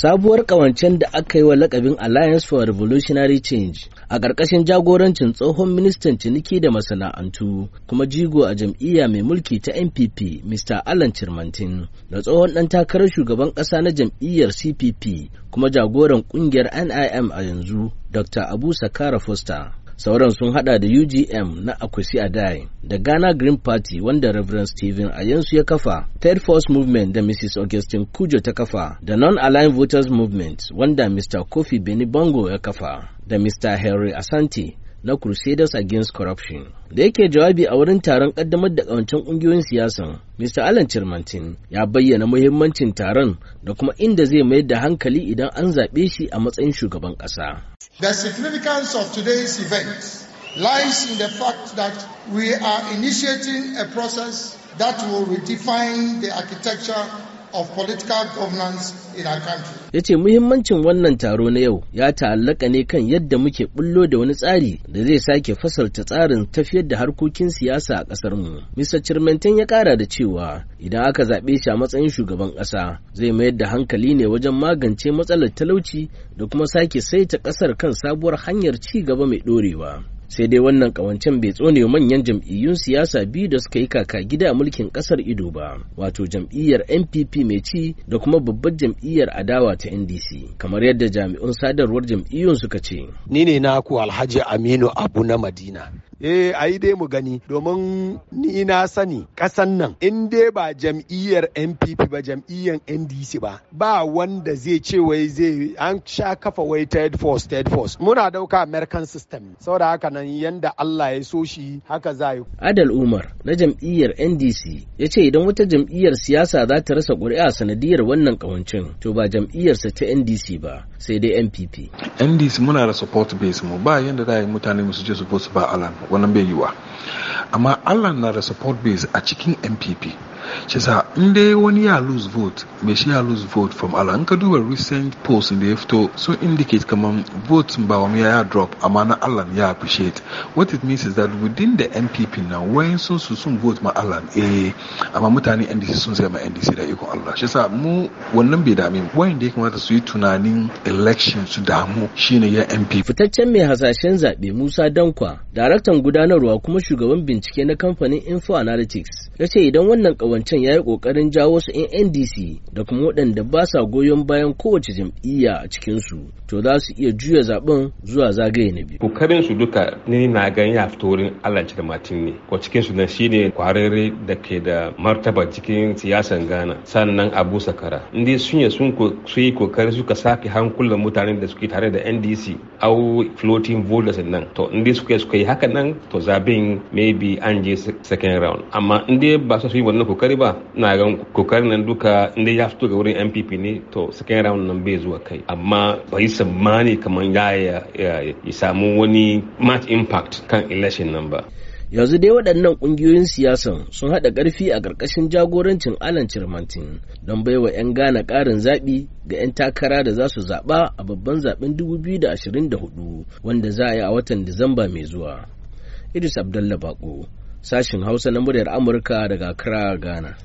Sabuwar ƙawancen da aka yi wa lakabin Alliance for Revolutionary Change a ƙarƙashin jagorancin tsohon ministan ciniki da masana'antu kuma jigo a jam'iyya mai mulki ta NPP Mr. Alan Cirmantin da tsohon ɗan takarar shugaban ƙasa na jam'iyyar CPP kuma jagoran ƙungiyar NIM a yanzu Dr. Abu Sakara Foster. sauran sun hada da UGM na Akwesi Adai da Ghana Green Party wanda Reverend Stephen Ayensu ya kafa, Third Force Movement da Mrs. Augustine Kujo ta kafa, da Non-Aligned Voters Movement wanda Mr. Kofi bongo ya kafa, da Mr. Henry Asante na Crusaders Against Corruption. Da yake jawabi a wurin taron kaddamar da kawancin kungiyoyin siyasan, Mr. Alan Chirmantin ya bayyana muhimmancin taron da kuma inda zai mayar da hankali idan an zaɓe shi a matsayin shugaban ƙasa. The significance of today's event lies in the fact that we are initiating a process that will redefine the architecture of political governance in our country. Ya ce muhimmancin wannan taro na yau ya ta'allaka ne kan yadda muke bullo da wani tsari da zai sake fasalta tsarin tafiyar da harkokin siyasa a ƙasar mu. Mr. Chirmantin ya ƙara da cewa idan aka zaɓe shi a matsayin shugaban ƙasa zai mayar da hankali ne wajen magance matsalar talauci da kuma sake saita ƙasar kan sabuwar hanyar ci gaba mai ɗorewa. sai dai wannan kawancen bai tsone manyan jam'iyyun siyasa biyu da suka yi kaka gida mulkin kasar ido ba wato jam'iyyar npp mai ci da kuma babbar jam'iyyar adawa ta ndc kamar yadda jami'un sadarwar jam'iyyun suka ce ni ne naku alhaji aminu abu na madina eh ayi dai mu gani domin ni na sani kasan nan in dai ba jam'iyyar NPP ba jam'iyyar NDC ba ba wanda zai ce wai zai an sha kafa wai third force third force muna dauka American system saboda haka nan yanda Allah ya so shi haka za yi Adal Umar na jam'iyyar NDC ya ce idan wata jam'iyyar siyasa za ta rasa ƙuri'a sanadiyar wannan kawancin to ba jam'iyyarsa ta NDC ba sai dai NPP NDC muna da support base mu ba yanda za a yi mutane su je su ba alam wannan bai yiwa amma allah na da support base a cikin npp shi sa in dai wani ya lose vote mai shi ya lose vote from Allah in ka duba recent polls da ya fito sun indicate kamar vote ba wani ya drop amma na Allah ya appreciate what it means is that within the NPP na wayan sun su sun vote ma Allah eh amma mutane NDC sun sai ma NDC da ikon Allah shi sa mu wannan bai dami wayan da ya kamata su yi tunanin election su damu shine ya NPP fitaccen mai hasashen zaɓe Musa Dankwa daraktan gudanarwa kuma shugaban bincike na kamfanin Info Analytics ya ce idan wannan kawancen ya yi ƙoƙarin jawo su in ndc da kuma waɗanda ba sa goyon bayan kowace jam'iyya a cikinsu to za su iya juya zaben zuwa zagaye na biyu kokarin su duka ni na gani ya fito wurin allah da martin ne ko cikin su nan shine kwararre da ke da martaba cikin siyasan ghana sannan abu sakara inda sun yi sun yi kokari suka sake hankulan mutanen da suke tare da ndc au floating voters nan to inda suka yi haka nan to zaben maybe an je second round amma inda dai ba su yi wannan kokari ba na ga kokari nan duka inda ya fito ga wurin npp ne to second round nan bai zuwa kai amma ba yi tsammani kamar ya yi samu wani match impact kan election nan ba yanzu dai waɗannan ƙungiyoyin siyasan sun haɗa ƙarfi a ƙarƙashin jagorancin alan cirmantin don baiwa 'yan ghana ƙarin zaɓi ga 'yan takara da za su zaɓa a babban zaɓen 2024 wanda za a yi a watan disamba mai zuwa idris abdullahi bako sashin hausa na muryar amurka daga Kira, ghana